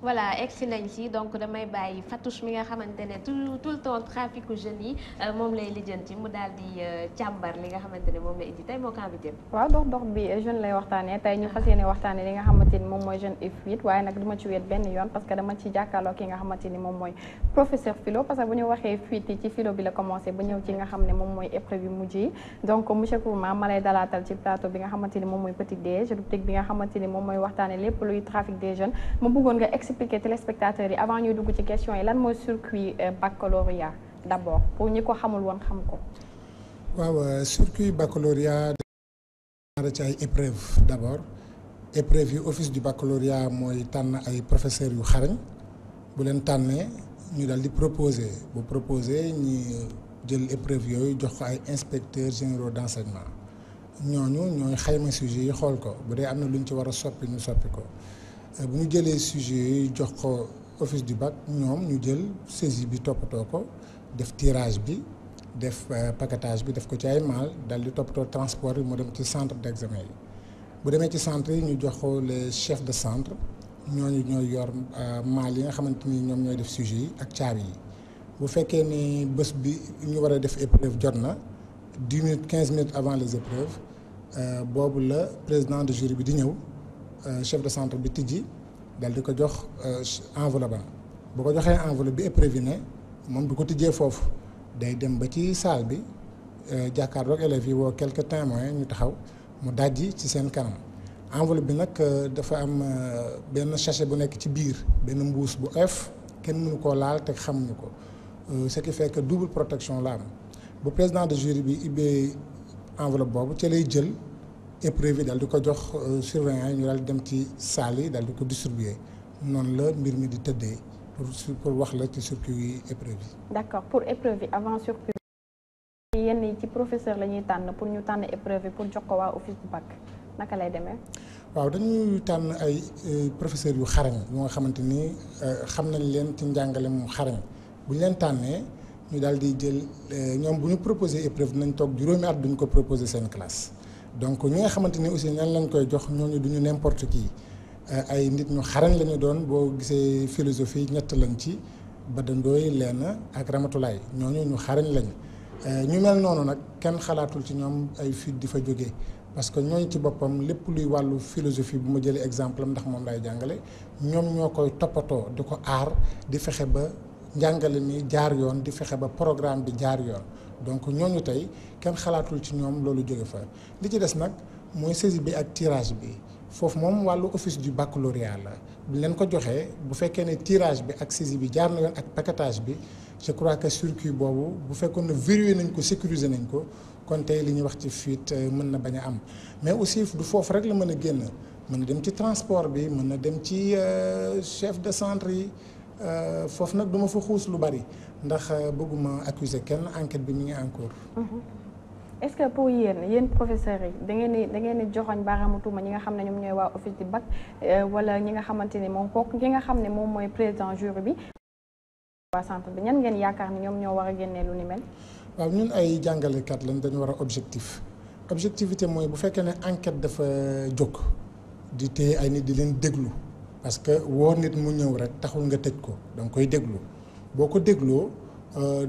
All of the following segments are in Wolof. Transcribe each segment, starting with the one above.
voilà egsi nañ si donc damay bàyyi Fatouche mi nga xamante ne tout tout le temps traficu jeunes yi euh, moom lay lijjanti mu daal di euh, càmbar li nga xamante ne moom la indi tey moo ko invité. waaw dox dox bi euh, jeune lay waxtaanee tey ñu fas yéene waxtaanee li nga xamante ni moom mooy jeune et fuite waaye nag duma ci wéet benn yoon parce que dama ci jàkkaarloo ki nga xamante ni moom mooy professeur philo parce que bu ñu waxee fuite yi ci philo bi la commencé ba ñëw ci nga xam ne moom mooy épreuve yu mujj yi donc monsieur Kourma ma lay dalaatal ci plateau bi nga xamante ni moom expliquer téléspectateurs yi avant ñuy dugg ci question yi lan mooy circuit euh, baccalauréat d'abord pour ñi ko xamul woon ko. waaw euh, circuit baccalauréat dafa ci ay épreuve d'abord épreuve yu office du baccalauréat mooy tànn ay professeurs yu xarañ bu leen tànnee ñu daal di proposer bu proposer ñi jël épreuve yooyu jox ko ay inspecteurs généraux d'enseignement ñooñu ñooy xayma sujet yi xool ko bu dee am na lu ñu ci war a soppi ñu soppi ko. Euh, bu ñu jëlee sujet yooyu jox ko office du bac ñoom ñu jël saisie bi toppatoo ko def tirage bi def euh, paquetage bi def ko ci ay maal dal di toppatoo transport bi mu dem ci centre d' examen yi bu demee ci centre yi ñu jox ko les chefs de centre ñooñu ñooy yor euh, maal yi nga xamante ni ñoom ñooy def sujet yi ak caabi yi bu fekkee ni bés bi ñu war a def épreuve jot na dix minutes quinze minutes avant les épreuves boobu la président de jury bi di ñëw Euh, chef de centre bi tijji dal di ko jox euh, enveloppe ba bu ko joxee enveloppe bi épreuve ne moom bu ko tijjee foofu day dem ba ci salle bi euh, jàkkaarloog élèves yi woo quelques témoins ñu taxaw mu dajji ci seen kanam enveloppe bi nag dafa am benn sachet bu nekk ci biir benn mbuus bu oyof kenn mënu koo laal te xamuñu ko ce qui fait que double protection la am bu président de jury bi ubbee envelop boobu ca lay jël. épreuve yi daal di ko jox euh, surveillant yi ñu daal dem ci salle yi daal di ko distribuer noonu la mbir mi di tëddee pour pour wax la ci circuit yi épreuve yi. d'accord pour épreuve yi avant circuit yi yenn yi ci professeur la ñuy tànn pour ñu tànn épreuve yi pour jox ko waa office bu bac naka lay demee. waaw dañuy tànn ay euh, professeurs yu xarañ yu nga xamante ni euh, xam nañ leen ci njàngale mu xarañ buñ leen tànnee ñu daal di jël ñoom bu ñu proposé épreuve dinañ toog juróomi at duñ ko proposé seen classe. donc ñi nga xamante ni aussi nan lañ koy jox ñooñu du ñu n'importe kii euh, ay nit ñu xarañ lañu doon boo gisee philosophie ñett lañ ci ba badandooy lenn ak ramatulaay ñooñu ñu xarañ lañ euh, ñu mel noonu nag kenn xalaatul ci ñoom ay fi di fa jógee parce que ñooñu ci boppam lépp luy wàllu philosophie bu ma jëlee exemple ndax moom lay jàngale ñoom ñoo koy toppatoo di ko aar di fexe ba njàngale mi jaar yoon di fexe ba programme bi jaar yoon donc ñooñu tey kenn xalaatul ci ñoom loolu jóge fa li ci des nag mooy saisie bi ak tirage bi foofu moom wàllu office ju baccalauréat la bu leen ko joxee bu fekkee ne tirage bi ak saisie bi jaar na yoon ak paquetage bi je crois que circuit boobu bu fekkoon ne verrouillé nañ ko sécuriser nañ ko kon tey li ñu wax ci fuite euh, mën na bañ a am mais aussi du foofu rek la mën a génn mën na dem ci transport bi mën na dem ci euh, chef de centre yi euh, foofu nag duma fa xuus lu bari ndax euh, bëgguma accuser kenn enquête bi mi ngi en cours. Mm-hmm. est-ce que pour yéen yéen professeurs yi da ngeen di da ngeen di joxoñ baaraamu tuuma ñi nga xam ne ñoom ñooy waa office di BAC euh, wala ñi nga xamante ni moom kook ki nga xam ne moom mooy président jury bi. waa centre bi ñan ngeen yaakaar ni ñoom ñoo war a génnee lu ni mel. waaw ñun ay jàngalekat lañ dañu war a objectif objectivité mooy bu fekkee ne enquête dafa jóg di téye ay nit di leen déglu parce que woo nit mu ñëw rek taxul nga tëj ko danga koy déglu. boo ko dégloo euh,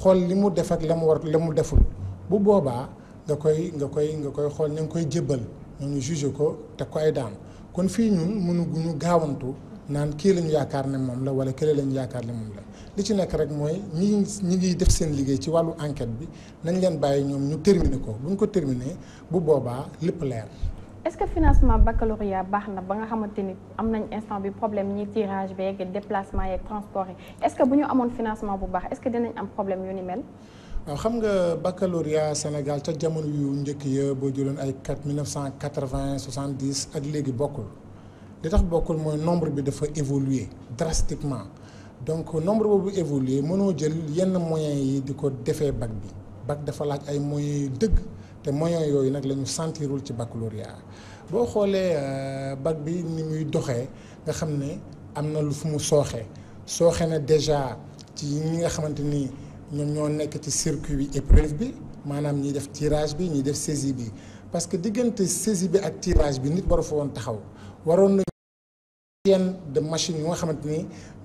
xool li mu def ak la mu war la mu deful bu boobaa nga koy nga koy nga koy xool ña ngi koy jébbal ñooñu jugé ko teg ko ay daan kon fii ñun mënuguñu gaawantu naan kii la ñu yaakaar ne moom la wala kële la ñu yaakaar ne moom la li ci nekk rek mooy ñi ñi ngi def seen liggéey ci wàllu enquête bi nañ leen bàyyi ñoom ñu terminer ko bu ñu ko terminer bu boobaa lépp leer. est-ce que financement baccalauréat baax na ba nga xamante ni am nañ instant bi problème ñi tirage beeg déplacement yeeg transport yi est-ce que bu ñu amoon financement bu baax est-ce que dinañ am problème yu ni mel. waaw xam nga baccalauréat Sénégal ca jamono yu njëkk ya boo jëloon ay quatre mille neuf cent quatre-vingt soixante ak léegi bokkul li tax bokkul mooy nombre bi dafa évoluer drastiquement donc nombre boobu évoluer mënoo jël yenn moyen yi di ko defee bag bi. bac dafa laaj ay moyens yu dëgg te moyens yooyu nag la ñu sentirul ci baccalauréat boo xoolee euh, bac bi ni muy doxee nga xam ne am na lu fu mu sooxe sooxe na déjà ci ñi nga xamante ni ñoom ñoo nekk ci circuit épreuve bi maanaam ñiy def tirage bi ñiy def saisi bi parce que diggante saisie bi ak tirage bi nit waru fa woon taxaw waroon na chaîne de machine yu nga xamante ni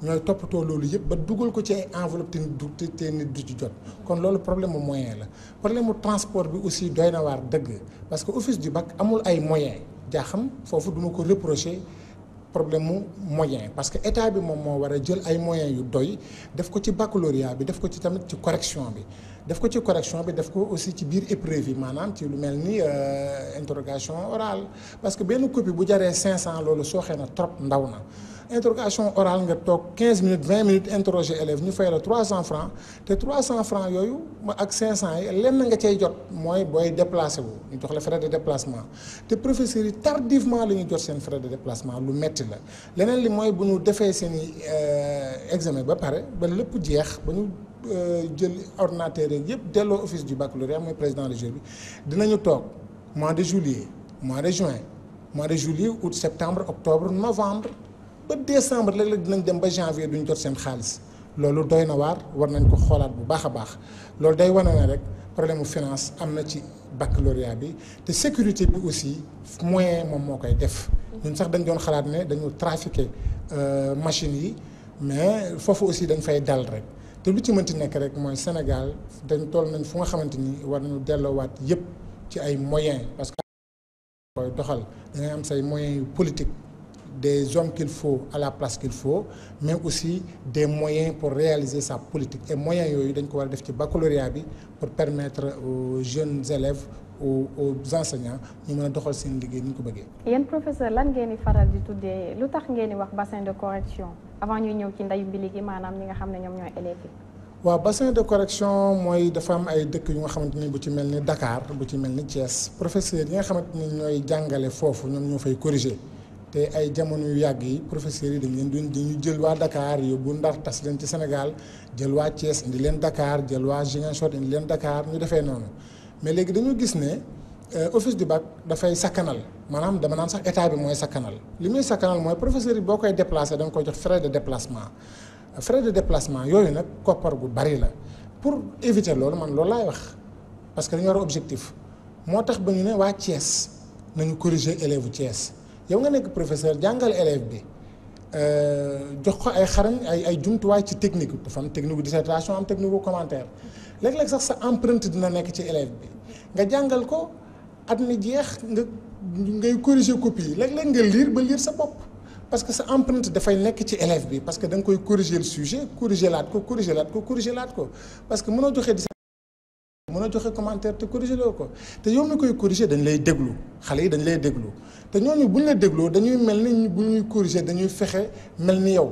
ñooy toppatoo loolu yëpp ba dugal ko ci ay enveloppe te te nit du ci jot kon loolu problème mu moyen la problème mu transport bi aussi doy na waar dëgg parce que office du bag amul ay moyen jaa xam foofu duma ko reprocher problème mu moyen parce que état bi moom moo war a jël ay moyens yu doy def ko ci baccalauréat bi def ko ci tamit ci correction bi def ko ci correction bi def ko aussi ci biir épreuve yi maanaam ci lu mel ni euh, interrogation orale parce que benn copie bu jaree 500 loolu sooxee na trop ndaw na. interrogation orale nga toog 15 minutes 20 minutes interroger élève ñu fay la 300 francs te 300 francs yooyu ak 500 yi lenn nga cay jot mooy booy déplacé wu ñu jox la frais de déplacement te professeurs yi tardivement la ñu jot seen frais de déplacement lu metti la leneen li mooy bu ñu defee seen i euh, examen ba pare ba lépp jeex ba ñu euh, jël ordinateur yeeg yëpp delloo office du baccalauréat mooy président de jury bi dinañu toog mois de juillet mois de juin mois de juillet août septembre octobre novembre ba décembre léeg-léeg dinañ dem ba janvier duñ jot seen xaalis loolu doy na waar war nañ ko xoolaat bu baax a baax loolu day wane ne rek problème mu finance am na ci baccalauréat bi te sécurité bi aussi moyen moom moo koy def ñun sax dañ doon xalaat ne dañu trafiqué euh, machines yi mais foofu aussi dañ fay dal rek te lu ci mënti nekk rek mooy Sénégal dañ toll nañ fu nga xamante ni war nañu delloowaat yépp ci ay moyens parce que koy doxal da am say moyens yu politique des hommes qu'il faut à la place qu'il faut mais aussi des moyens pour réaliser sa politique et moyens yooyu dañ ko war a def ci baccalauréat bi pour permettre aux jeunes élèves aux aux enseignants ñu mën a doxal seen liggéey ni ñu ko bëggee. yéen professeur lan ngeen di faral di tuddee lu tax ngeen di wax bassin de correction avant ñuy ñëw ci ndayu mbili gi maanaam ñi nga xam ne ñoom ñooy élèves yi. waaw bassin de correction mooy dafa am ay dëkk ñu nga xamante ni bu ci mel ni Dakar bu ci mel ni Thiès professeur yi nga xamante ni ñooy jàngale foofu ñoom ñoo fay corriger. te ay jamono yu yàgg yi professeurs yi dañ leen doon dañu jël waa Dakar yóbbu Ndar tas leen ci Sénégal jël waa Thiès indi leen dakaar jël waa Ziguinchor indi leen dakaar ñu defee noonu mais léegi dañu gis ne euh, office du bac dafay sakkanal maanaam dama naan sax état bi mooy sakkanal li muy sakkanal mooy professeurs yi boo koy déplacé danga nga koy jox frais de déplacement frais de déplacement yooyu nag koppar gu bari la pour éviter loolu man loolu laay wax parce que dañu objectif moo tax ba ñu ne waa Thiès nañu corriger élèves Thiès. yow nga nekk professeur jàngal élève bi euh, jox ko ay xarañ ay ay jumtuwaay ci technique dafa am technique dissertation am technique bu commentaire léeg-léeg sax sa empreinte dina nekk ci élève bi nga jàngal ko at ni jeex nga ngay corriger copie léeg-léeg nga lire ba lire sa bopp parce que sa empreinte dafay nekk ci élève bi parce que da nga koy corriger le sujet corriger laat ko corriger laat ko corriger laat ko parce que mënoo joxe mun a joxe commentaire te corrigé loo ko te yow mi koy corrigé dañ lay déglu xale yi dañ lay déglu te ñooñu bu ñu la dégloo dañuy mel ni bu ñuy corrigé dañuy fexe mel ni yow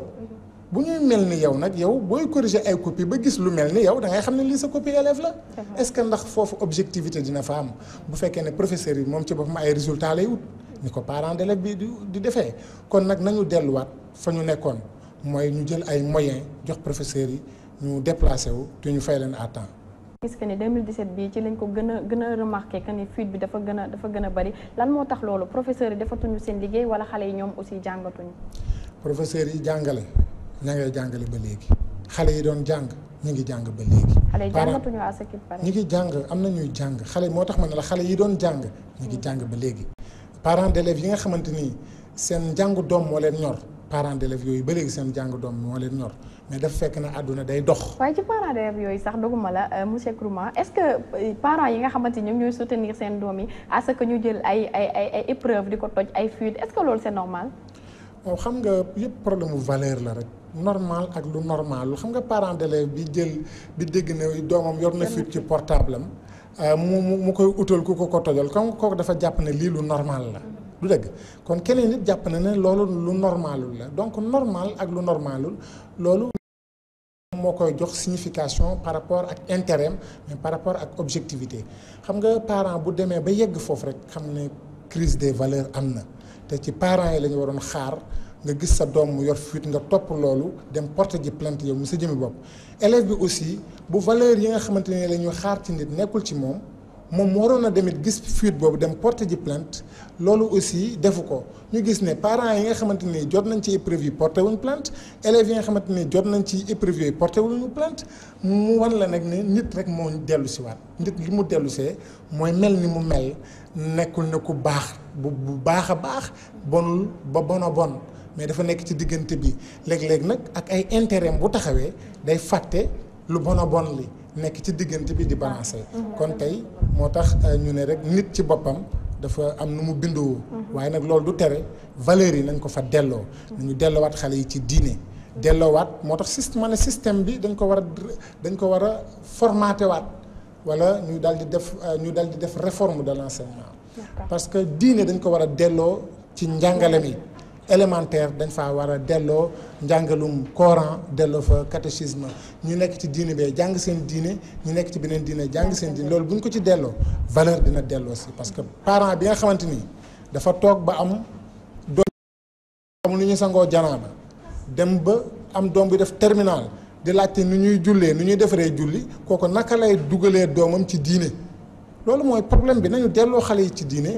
bu ñuy mel ni yow nag yow booy corriger ay copie ba gis lu mel ni yow da ngay xam ne lii sa copie élève la est-ce que ndax foofu objectivité dina fa am bu fekkee ne professeur yi moom ci boppam ay résultat lay wut ni ko parent d'élève bi di defee kon nag nañu delluwaat fa ñu nekkoon mooy ñu jël ay moyens jox professeurs yi ñu déplacé wu te ñu fay leen à temps gis que ni 2017 bii ci lañ ko gën a gën a remarqué que ni fuite bi dafa gën a gën a bari lan moo tax loolu professeurs yi defatuñu seen liggéey wala xale yi ñoom aussi jàngatuñu. professeurs yi jàngale ña ngay jàngale ba léegi xale yi doon jàng ñu ngi jàng ba léegi. xale yi jàngatuñu à jàng am na ñuy xale moo tax ma ne la xale yi doon jàng. ñu jàng ba léegi. parents d'élèves yi nga xamante ni seen njàngu doom moo leen ñor parents d'élèves yooyu ba léegi seen njàngu doom moo leen ñor mais dafa fekk na àdduna day dox. waaye ci parents d'élèves yooyu sax doguma la euh, monsieur Kourouma est-ce que euh, parents yi nga xamante ñoom ñooy soutenir seen doom yi à ce que ñu jël ay ay ay ay di ko toj ay fuites est-ce que loolu c'est normal. xam nga yëpp problème mu la rek normal ak lu normal lu xam nga parent d'élève bi jël bi dégg ne doomam yor na fuite portable am. Euh, mu mu mu koy utal ku ko ko kooku dafa jàpp ne lii lu normal la. Mm-hmm. du dëgg kon keneen nit jàpp na ne loolu lu normalul la donc normal ak lu normalul loolu moo koy jox signification par rapport ak intérêt mais par rapport ak objectivité xam nga parent bu demee ba yegg foofu rek xam ne crise des valeurs am na te ci parents yi la ñu waroon xaar nga gis sa doom mu yor fuite nga topp loolu dem porte ji plainte yow mu sa jëmi bopp élève bi aussi bu valeur yi nga xamante ne la ñuy xaar ci nit nekkul ci moom moom waroon na demit gis fuite boobu dem porter ji plainte loolu aussi defu ko ñu gis ne parent yi nga xamante ni jot nañ ci épreuve yi porté wuñ plainte élèves yi xamante ni jot nañ ci épreuve yooyu porté wuñu plainte mu wan la nag ne nit rek moo dellu si waat nit li mu dellu see mooy mel ni mu mel nekkul ne ku baax bu bu baax a baax bonul ba bon a bon mais dafa nekk ci diggante bi léeg-léeg nag ak ay intérêt bu taxawee day fàtte lu bon a bon li nekk ci diggante bi di balancer. kon tey moo tax euh, ñu ne rek nit ci boppam dafa am nu mu bindoo. waaye nag loolu du tere valeur yi nañ ko fa delloo. nañu delloowaat xale yi ci diine. delloowaat moo tax système ma ne système bi dañ ko war a dañ ko war a waat wala ñu daal di def euh, ñu daal di def réforme de parce que diine dañ ko war a delloo ci njàngale mi. élémentaire dañ faa war a delloo njàngalum Coran delloo fa catéchisme ñu nekk ci diine bee jàng seen diine ñu nekk ci beneen diine jàng seen diine loolu bu ñu ko ci delloo valeur dina delloo si parce que parent bi nga xamante ni dafa toog ba am doom amul lu ñuy sangoo janaaba dem ba am doom bi def terminal di laajte nu ñuy jullee nu ñuy defaree julli kooku naka lay dugalee doomam ci diine loolu mooy problème bi nañu delloo xale yi ci diine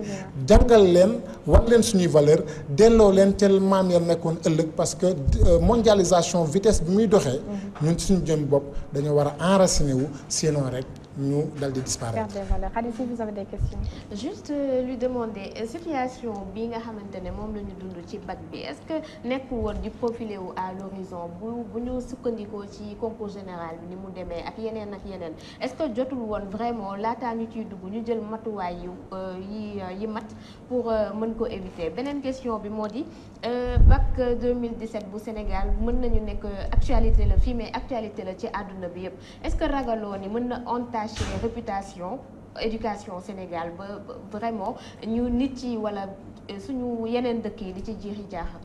jàngal leen war leen suñuy valeur delloo leen tel maam ya nekkoon ëllëg parce que euh, mondialisation vitesse bi muy doxee mmh. ñun suñu jëm bopp dañoo war a enraciné wu sinon rek ñu dal di disparaître. perte des valeurs Khady si vous euh, euh, nga xamante ne moom la ñu dund ci bac bi est-ce que nekk woon di profiler wu à l'horizon bu bu ñu sukkandikoo ci concours général bi ni mu demee ak yeneen ak yeneen est-ce que jotul woon vraiment laataa ñu ciy dugg ñu jël matuwaay yu euh, yi yi mat pour mën ko éviter beneen question bi moo di bac 2017 bu Sénégal mën nañu nekk actualité la fii mais actualité la ci àdduna bi yëpp est-ce que ragaloo ni mën na ontage entaché réputation Sénégal ba vraiment ñu nit ci wala euh, suñu yeneen dëkk yi di ci jiixi jaaxal.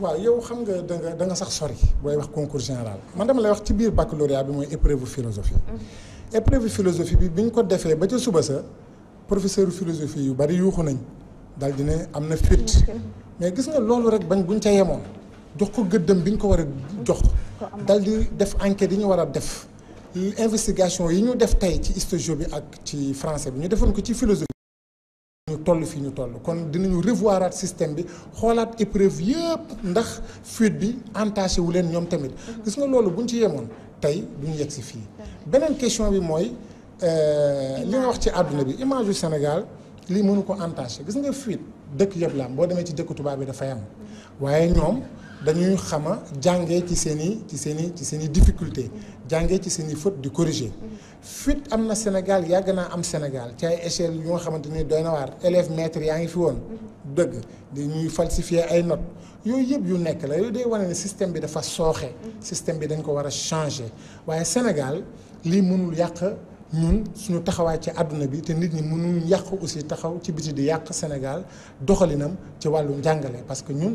waaw yow xam nga da nga da nga sax sori booy wax concours général man dama lay wax ci biir baccalauréat bi mooy épreuve philosophie. Mm-hmm. épreuve philosophie bi bi ñu ko defee ba ca suba sa professeur philosophie yu bari yuuxu nañ daal di ne am na fit mm-hmm. mais gis nga loolu rek bañ buñ ca yemoon jox ko gëddëm bi ñu ko war a jox. dal di def enquête yi ñu war a def. investigation yi ñu def tey ci histoire bi ak ci français bi ñu defoon ko ci philosophie ñu toll fii ñu toll kon dinañu revoiraat système bi xoolaat épreuve yëpp ndax fuite bi entaché wu leen ñoom tamit gis nga loolu buñ ci yemoon tey ñu yegg si fii beneen question bi mooy euh, li nga wax ci àdduna bi image yu Sénégal lii mënu ko entaché gis nga fuite dëkk yëpp la am boo demee ci dëkk tubaab bi dafay am waaye ñoom dañuy xama jàngee ci seen i ci seen i ci seen i difficulté jànge ci seen i faute di corriger fit am na Sénégal yàgg naa am Sénégal ci ay échelle yu nga xamante ni doy na waar élève yaa ngi fi woon dëgg dañuy falsifier ay not yooyu yëpp yu nekk la yooyu day wara ne système bi dafa sooxe système bi dañ ko war a changer waaye Sénégal lii mënul yàq ñun suñu taxawaay ci àdduna bi te nit ñi mënuñ yàq aussi taxaw ci biti di yàq Sénégal doxalinam ci wàllu njàngale parce que ñun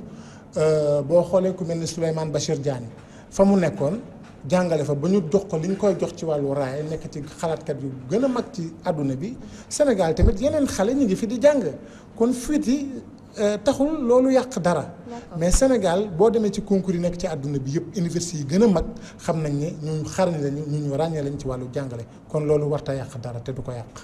euh, boo xoolee ku mel ni Souleymane Bachir Diagne fa mu nekkoon jàngale fa ba ñu dox ko li ñu koy jox ci wàllu raay nekk ci xalaatkat yu gën a mag ci àdduna bi Sénégal tamit yeneen xale ñu ngi fi di jàng kon fuite yi Euh, taxul loolu yàq dara mais Sénégal boo demee ci concours yi nekk ci àdduna bi yëpp université yi gën a mag xam nañ ne ñu xarañ lañu ñu ñu ràññee lañ ci wàllu jàngale kon loolu warta yàq dara te du ko yàq